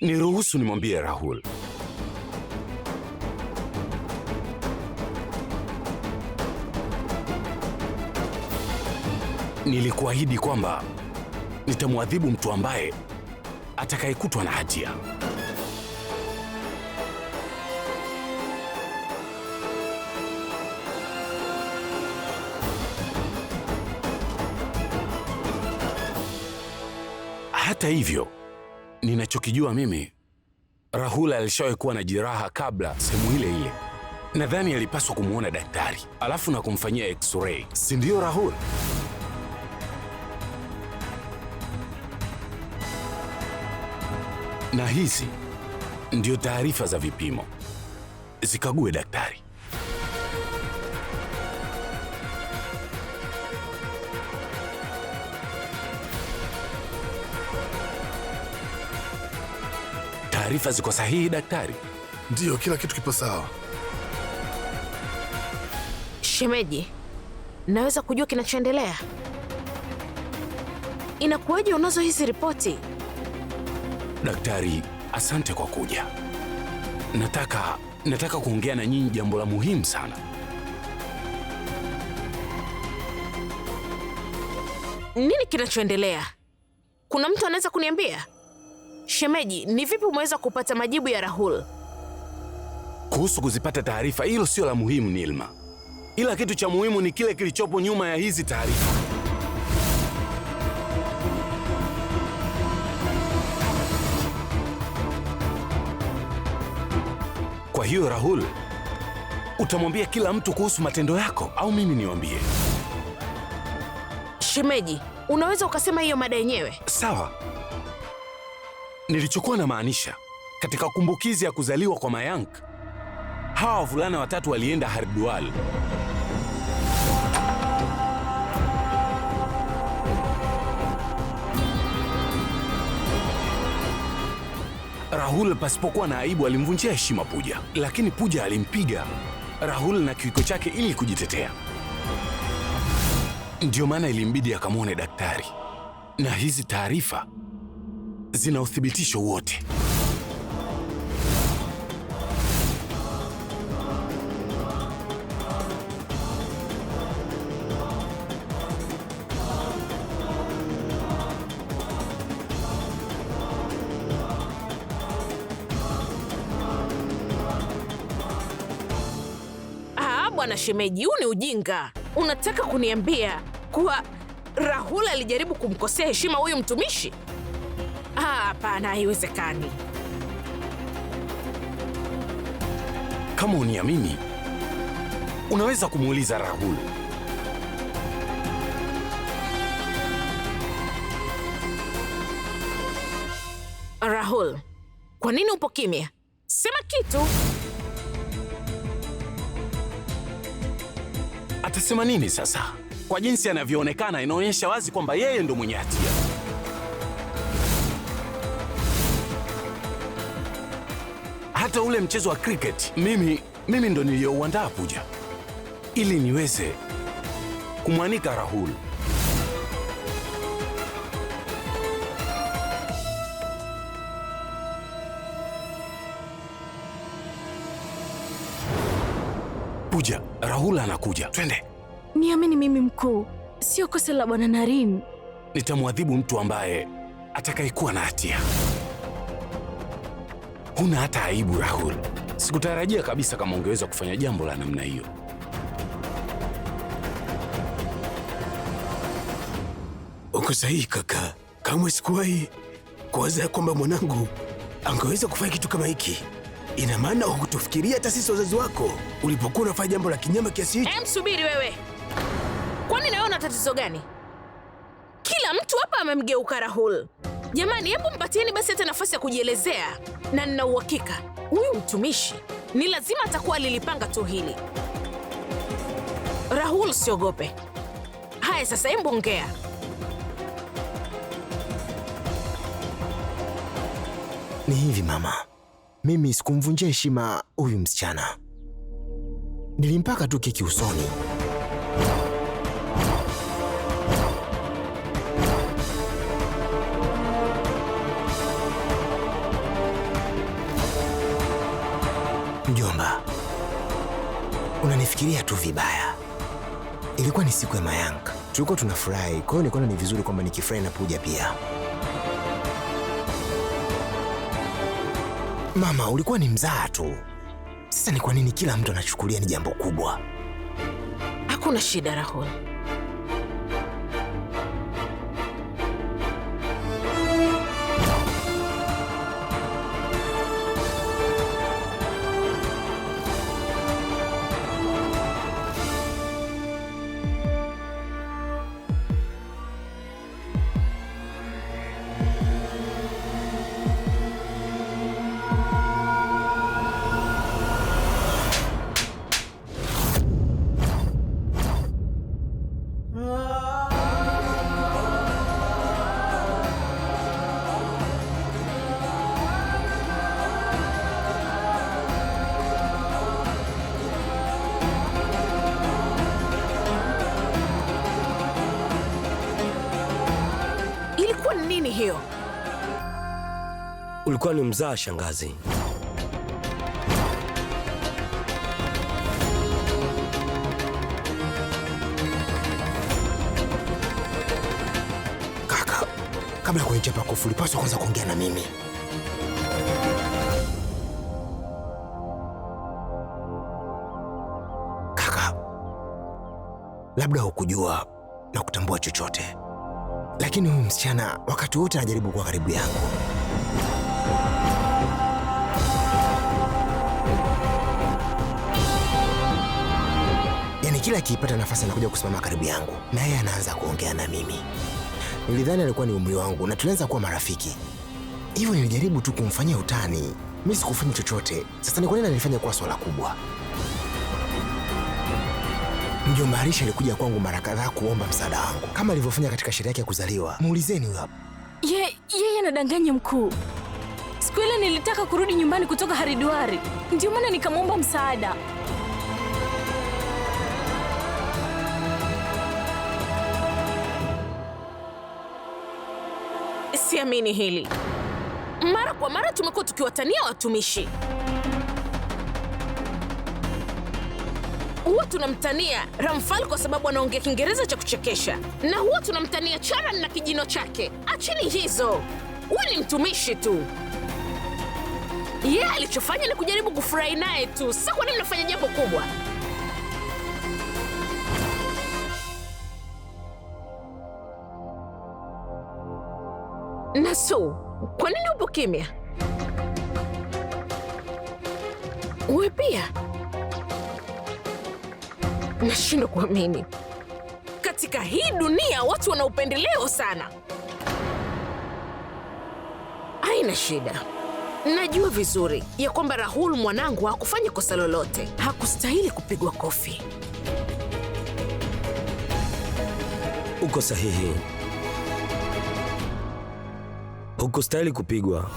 Niruhusu nimwambie Rahul. Nilikuahidi kwamba nitamwadhibu mtu ambaye atakayekutwa na hatia. Hata hivyo ninachokijua mimi, Rahula alishawahi kuwa na jeraha kabla sehemu ile ile. Nadhani alipaswa kumwona daktari alafu na kumfanyia x-ray, si ndio Rahul? Na hizi ndio taarifa za vipimo, zikague daktari. Taarifa ziko sahihi daktari? Ndiyo, kila kitu kipo sawa. Shemeji, naweza kujua kinachoendelea? Inakuwaje unazo hizi ripoti? Daktari, asante kwa kuja. Nataka nataka kuongea na nyinyi jambo la muhimu sana. Nini kinachoendelea? Kuna mtu anaweza kuniambia? Shemeji, ni vipi umeweza kupata majibu ya Rahul? Kuhusu kuzipata taarifa, hilo sio la muhimu Nilma, ila kitu cha muhimu ni kile kilichopo nyuma ya hizi taarifa. Kwa hiyo Rahul, utamwambia kila mtu kuhusu matendo yako au mimi niwaambie? Shemeji, unaweza ukasema hiyo mada yenyewe. Sawa. Nilichokuwa na maanisha katika kumbukizi ya kuzaliwa kwa Mayank, hawa wavulana watatu walienda Haridwar. Rahul pasipokuwa na aibu alimvunjia heshima Puja, lakini Puja alimpiga Rahul na kiwiko chake ili kujitetea. ndio maana ilimbidi akamwone daktari, na hizi taarifa zina uthibitisho wote. Ah, bwana shemeji, huu ni ujinga. Unataka kuniambia kuwa Rahul alijaribu kumkosea heshima huyu mtumishi? Hapana, haiwezekani. Kama uniamini, unaweza kumuuliza Rahul. Rahul, kwa nini upo kimya? Sema kitu. Atasema nini sasa? Kwa jinsi anavyoonekana, inaonyesha wazi kwamba yeye ndo mwenye hatia. hata ule mchezo wa cricket mimi, mimi ndo niliyouandaa Puja ili niweze kumwanika Rahul. Puja, Rahul anakuja, twende. Niamini mimi mkuu, sio kosa la bwana Naren. Nitamwadhibu mtu ambaye atakayekuwa na hatia. Huna hata aibu Rahul. Sikutarajia kabisa kama ungeweza kufanya jambo la namna hiyo. Uko sahihi kaka, kamwe sikuwahi kuwaza kwamba mwanangu angeweza kufanya kitu kama hiki. Ina maana hukutufikiria hata sisi wazazi wako ulipokuwa unafanya jambo la kinyama kiasi hicho. Msubiri wewe, kwani naona tatizo gani? Kila mtu hapa amemgeuka Rahul. Jamani, hebu mpatieni basi hata nafasi ya kujielezea, na nina uhakika huyu mtumishi ni lazima atakuwa alilipanga tu hili. Rahul, siogope. Haya, sasa hebu ongea. Ni hivi mama, mimi sikumvunjia heshima huyu msichana, nilimpaka tu keki usoni. Alinifikiria tu vibaya. Ilikuwa ni siku ya Mayank, tulikuwa tunafurahi, kwa hiyo nilikuwa ni vizuri kwamba nikifurahi na Pooja pia. Mama, ulikuwa ni mzaa tu. Sasa ni kwa nini kila mtu anachukulia ni jambo kubwa? Hakuna shida Rahul. Ndiyo. Ulikuwa ni mzaa shangazi? Kaka, kabla ya kuenja pakofu ulipaswa kwanza kuongea na mimi. Kaka, labda hukujua na kutambua chochote lakini huyu msichana wakati wote anajaribu kuwa karibu yangu. Yaani kila akiipata nafasi anakuja kusimama karibu yangu, na yeye anaanza kuongea na mimi. Nilidhani alikuwa ni umri wangu na tulianza kuwa marafiki, hivyo nilijaribu tu kumfanyia utani. mi sikufanya chochote. Sasa ni kwa nini kuwa swala kubwa? Mjomba Alisha alikuja kwangu mara kadhaa kuomba msaada wangu kama alivyofanya katika sherehe yake ya kuzaliwa. Muulizeni huyo hapa. Ye, yeye anadanganya mkuu. Siku ile nilitaka kurudi nyumbani kutoka hariduari ndio maana nikamwomba msaada. Siamini hili. Mara kwa mara tumekuwa tukiwatania watumishi huwa tunamtania Ramfal kwa sababu anaongea Kiingereza cha kuchekesha, na huwa tunamtania Charan na kijino chake. achini hizo, huyu ni mtumishi tu. Yeye alichofanya ni kujaribu kufurahi naye tu. Sasa kwa nini mnafanya jambo kubwa? Nasu, kwa nini upo kimya? Wewe pia Nashindwa kuamini. Katika hii dunia watu wana upendeleo sana. Haina shida. Najua vizuri ya kwamba Rahul mwanangu hakufanya kosa lolote, hakustahili kupigwa kofi. Uko sahihi, hukustahili kupigwa.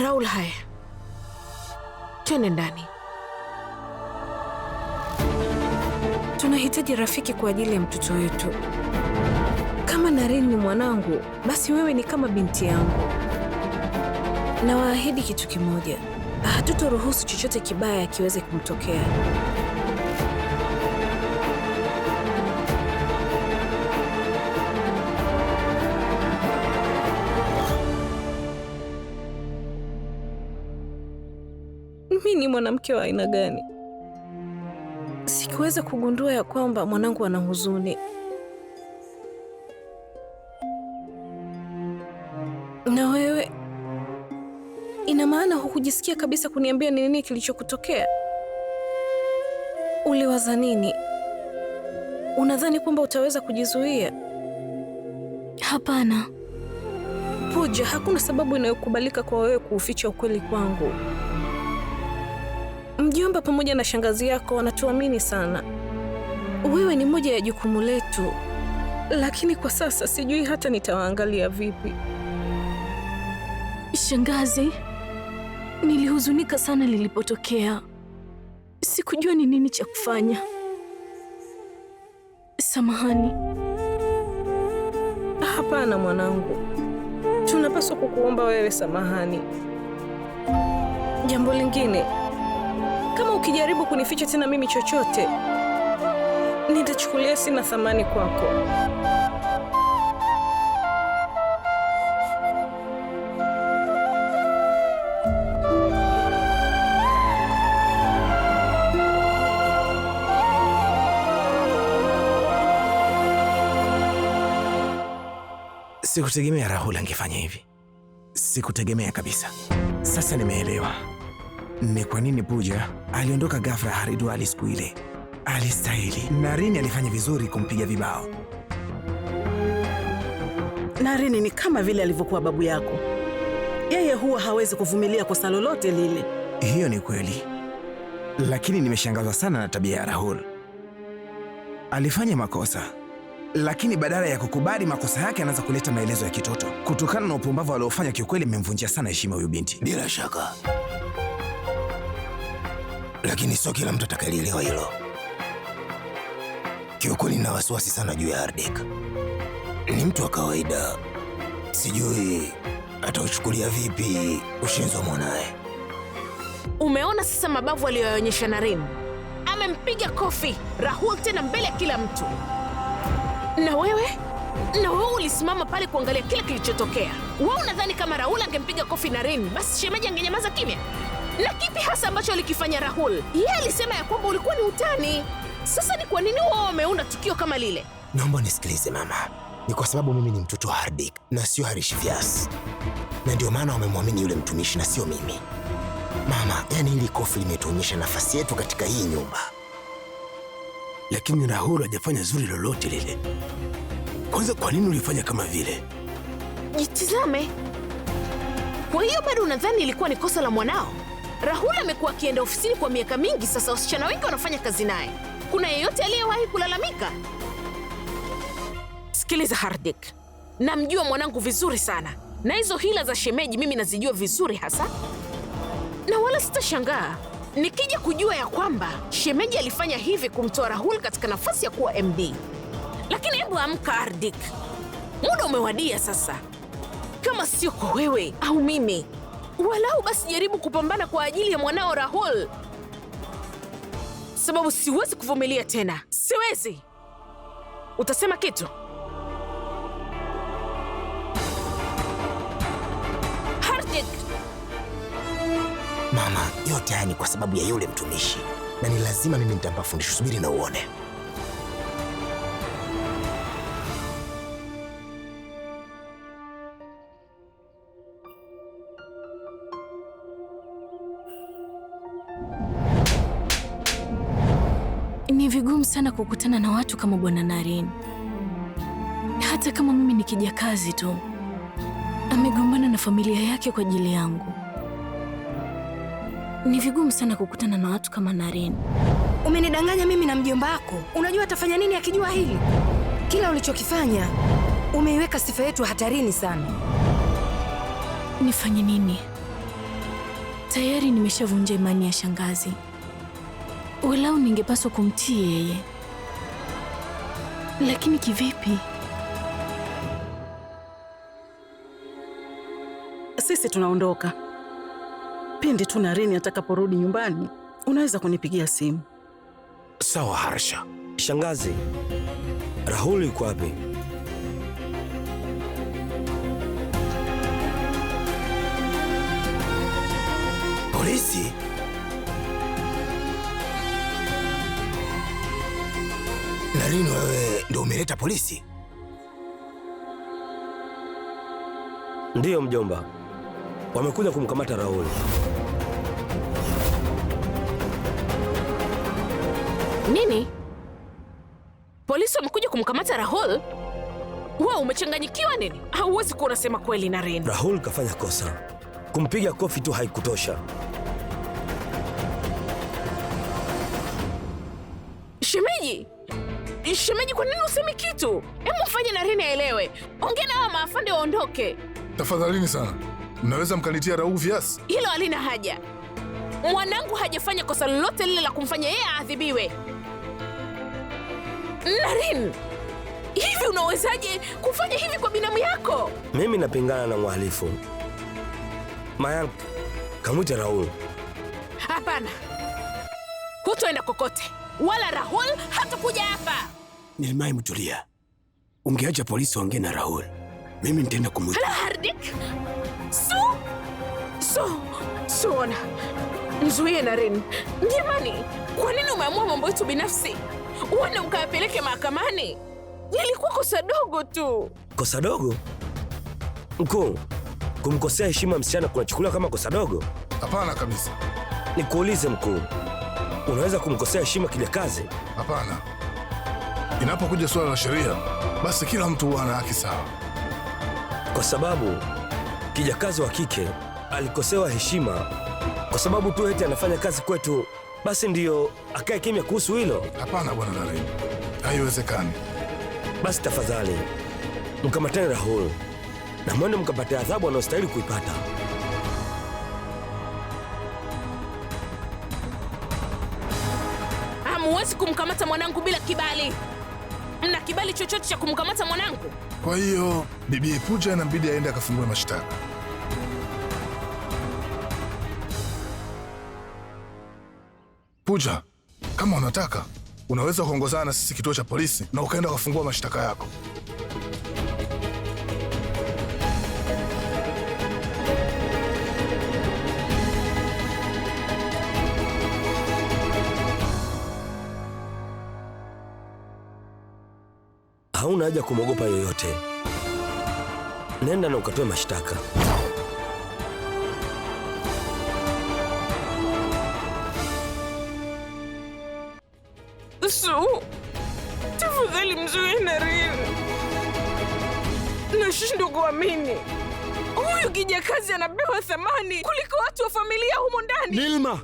Raul hai, twende ndani. Tunahitaji rafiki kwa ajili ya mtoto wetu. Kama Naren ni mwanangu, basi wewe ni kama binti yangu. Nawaahidi kitu kimoja, hatutoruhusu chochote kibaya kiweze kumtokea. mwanamke wa aina gani. Sikuweza kugundua ya kwamba mwanangu ana huzuni, na wewe, ina maana hukujisikia kabisa kuniambia ni nini kilichokutokea? Uliwaza nini? Unadhani kwamba utaweza kujizuia? Hapana puja hakuna sababu inayokubalika kwa wewe kuuficha ukweli kwangu. Mjomba pamoja na shangazi yako wanatuamini sana. Wewe ni moja ya jukumu letu, lakini kwa sasa sijui hata nitawaangalia vipi. Shangazi, nilihuzunika sana lilipotokea, sikujua ni nini cha kufanya. Samahani. Hapana mwanangu, tunapaswa kukuomba wewe samahani. Jambo lingine Ukijaribu kunificha tena mimi chochote, nitachukulia sina thamani kwako. Sikutegemea Rahul angefanya hivi, sikutegemea kabisa. Sasa nimeelewa. Ni kwa nini puja aliondoka ghafla Haridwar siku ile? Alistahili. narini alifanya vizuri kumpiga vibao. narini ni kama vile alivyokuwa babu yako, yeye huwa hawezi kuvumilia kosa lolote lile. Hiyo ni kweli, lakini nimeshangazwa sana na tabia ya Rahul. Alifanya makosa lakini badala ya kukubali makosa yake anaanza kuleta maelezo ya kitoto. Kutokana na upumbavu aliofanya, kiukweli mmemvunjia sana heshima huyu binti. Bila shaka lakini sio kila mtu atakayelielewa hilo. Kiukweli nina wasiwasi sana juu ya ardik Ni mtu wa kawaida, sijui atauchukulia vipi ushenzi wa mwanaye. Umeona sasa mabavu aliyoyaonyesha Naren, amempiga kofi Rahul tena mbele ya kila mtu. Na wewe na wewe ulisimama pale kuangalia kila kilichotokea. Wewe unadhani kama Rahul angempiga kofi Naren, basi shemeji angenyamaza kimya? na kipi hasa ambacho alikifanya Rahul? Yeye alisema ya kwamba ulikuwa ni utani. Sasa ni kwa nini wao wameunda tukio kama lile? Naomba nisikilize mama, ni kwa sababu mimi ni mtoto wa Hardik na sio Harish Vyas, na ndio maana wamemwamini yule mtumishi na sio mimi. Mama, yani hili kofi limetuonyesha nafasi yetu katika hii nyumba, lakini Rahul hajafanya zuri lolote lile. Kwanza, kwa nini ulifanya kama vile? Jitizame. Kwa hiyo bado unadhani ilikuwa ni kosa la mwanao? Rahul amekuwa akienda ofisini kwa miaka mingi sasa, wasichana wengi wanafanya kazi naye. Kuna yeyote aliyewahi kulalamika? Sikiliza Hardik, namjua mwanangu vizuri sana, na hizo hila za shemeji mimi nazijua vizuri hasa, na wala sitashangaa nikija kujua ya kwamba shemeji alifanya hivi kumtoa Rahul katika nafasi ya kuwa MD. Lakini hebu amka Hardik, muda umewadia sasa. Kama sio kwa wewe au mimi Walau basi jaribu kupambana kwa ajili ya mwanao Rahul, sababu siwezi kuvumilia tena, siwezi. Utasema kitu? Hardik! Mama, yote haya ni kwa sababu ya yule mtumishi, na ni lazima mimi nitampa fundisho. Subiri na uone. sana kukutana na watu kama Bwana Naren. Hata kama mimi ni kazi tu, amegombana na familia yake kwa ajili yangu. Ni vigumu sana kukutana na watu kama Naren. Umenidanganya mimi na mjomba wako. Unajua atafanya nini akijua hili? Kila ulichokifanya umeiweka sifa yetu hatarini sana. Nifanye nini? Tayari nimeshavunja imani ya shangazi. Walau ningepaswa kumtii yeye, lakini kivipi? Sisi tunaondoka. Pindi tu Naren atakaporudi nyumbani, unaweza kunipigia simu. Sawa Harsha. Shangazi, Rahul yuko wapi? Polisi? Na lini wewe ndio umeleta polisi? Ndiyo mjomba, wamekuja kumkamata Raul. Nini? Polisi wamekuja kumkamata Rahul? Wewe umechanganyikiwa nini? Hauwezi kuwa unasema kweli na Reni. Rahul kafanya kosa. Kumpiga kofi tu haikutosha. Shemeji, Shemeji, kwa nini usemi kitu? Hebu mfanye Naren aelewe. Ongea na hawa maafande waondoke. Tafadhalini sana, mnaweza mkanitia rauu viasi Hilo halina haja. Mwanangu hajafanya kosa lolote lile la kumfanya yeye aadhibiwe. Naren, hivi unawezaje kufanya hivi kwa binamu yako? Mimi napingana na mhalifu. Mayank, kamwite Raouf. Hapana, hutoenda kokote wala Rahul hatakuja hapa. Nilimai, mtulia. Ungeacha polisi waongee na Rahul, mimi nitaenda kumwita. Hello Hardik! Su! Su! Suona, mzuie Naren. Jamani, kwa nini umeamua mambo yetu binafsi uone ukayapeleke mahakamani? yalikuwa kosa dogo tu. Kosa dogo? Mkuu, kumkosea heshima msichana kunachukuliwa kama kosa dogo? Hapana kabisa. Nikuulize mkuu, Unaweza kumkosea heshima kijakazi? Hapana. Inapokuja suala la sheria, basi kila mtu ana haki sawa, kwa sababu kijakazi wa kike alikosewa heshima kwa sababu tu eti anafanya kazi kwetu, basi ndiyo akae kimya kuhusu hilo? Hapana bwana Naren, haiwezekani. Basi tafadhali mkamatani Rahul na mwende mkapate adhabu anayostahili kuipata. kumkamata mwanangu bila kibali. Mna kibali chochote cha kumkamata mwanangu? Kwa hiyo bibi puja anambidi aende akafungue mashtaka. puja kama unataka unaweza kuongozana na sisi kituo cha polisi na ukaenda ukafungua mashtaka yako. hauna haja kumwogopa yoyote. Nenda na ukatoe mashtaka. Su, tafadhali mzuie Naren. Nashindwa kuamini. Huyu kijakazi anapewa thamani kuliko watu wa familia humo ndani. Nilma,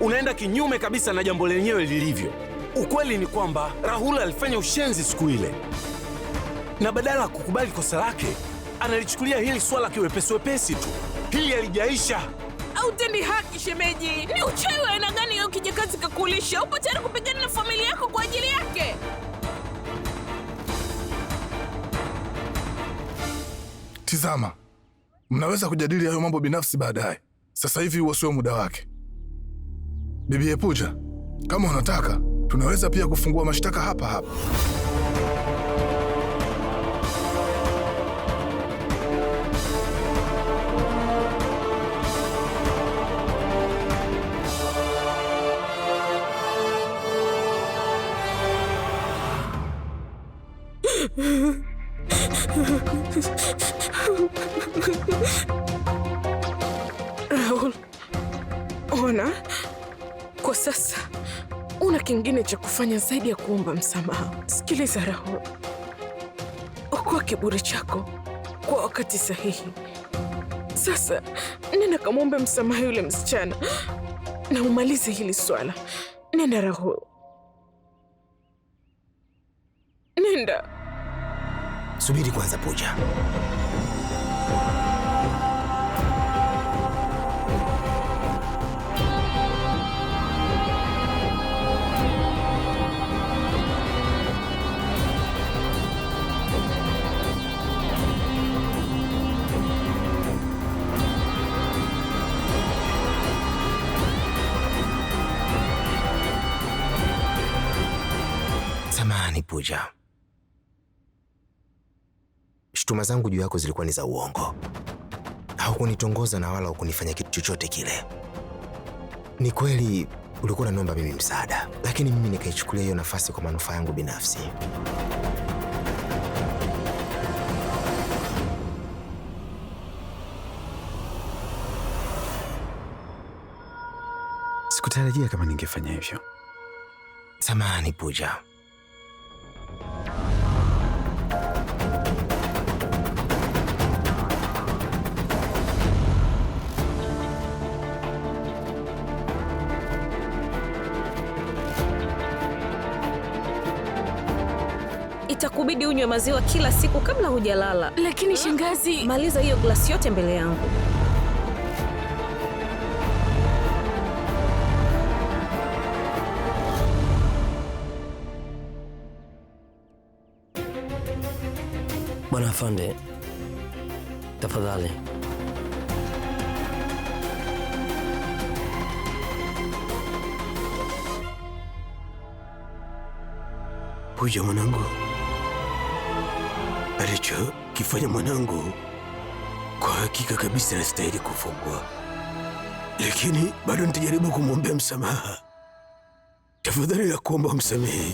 unaenda kinyume kabisa na jambo lenyewe lilivyo. Ukweli ni kwamba Rahul alifanya ushenzi siku ile, na badala ya kukubali kosa lake analichukulia hili swala kiwepesi wepesi tu. Hili alijaisha au tendi haki. Shemeji, ni uchawi wa aina gani hiyo? Kijakazi kakulisha, upo tayari kupigana na familia yako kwa ajili yake? Tizama, mnaweza kujadili hayo mambo binafsi baadaye. Sasa hivi huo sio muda wake. Bibi Epuja, kama unataka tunaweza pia kufungua mashtaka hapa hapa. kingine cha kufanya zaidi ya kuomba msamaha. Sikiliza rahu okoa kiburi chako kwa wakati sahihi. Sasa nenda kamwombe msamaha yule msichana na umalize hili swala. Nenda rahu nenda. Subiri kwanza, Pooja. Khadija. Shutuma zangu juu yako zilikuwa ni za uongo. Haukunitongoza na wala hukunifanya kitu chochote kile. Ni kweli ulikuwa unaniomba mimi msaada, lakini mimi nikaichukulia hiyo nafasi kwa manufaa yangu binafsi. Sikutarajia kama ningefanya hivyo. Samahani Pooja, inakubidi unywe maziwa kila siku kabla hujalala. Lakini ah, shangazi, maliza hiyo glasi yote mbele yangu. Bwana afande, tafadhali huyo mwanangu alichokifanya mwanangu kwa hakika kabisa anastahili kufungwa, lakini bado nitajaribu kumwombea msamaha. Tafadhali na kuomba msamehe.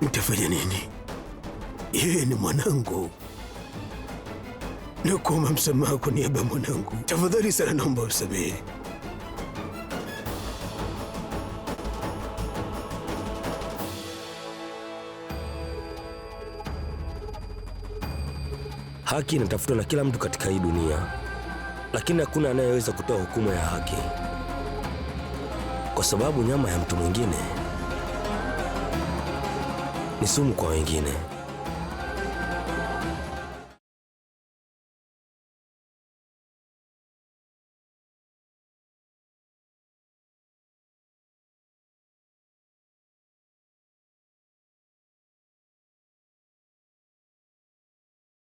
Nitafanya nini? Yeye ni mwanangu, nakuomba msamaha kwa niaba ya mwanangu. Tafadhali sana, naomba msamehe. Haki inatafutwa na kila mtu katika hii dunia, lakini hakuna anayeweza kutoa hukumu ya haki, kwa sababu nyama ya mtu mwingine ni sumu kwa wengine.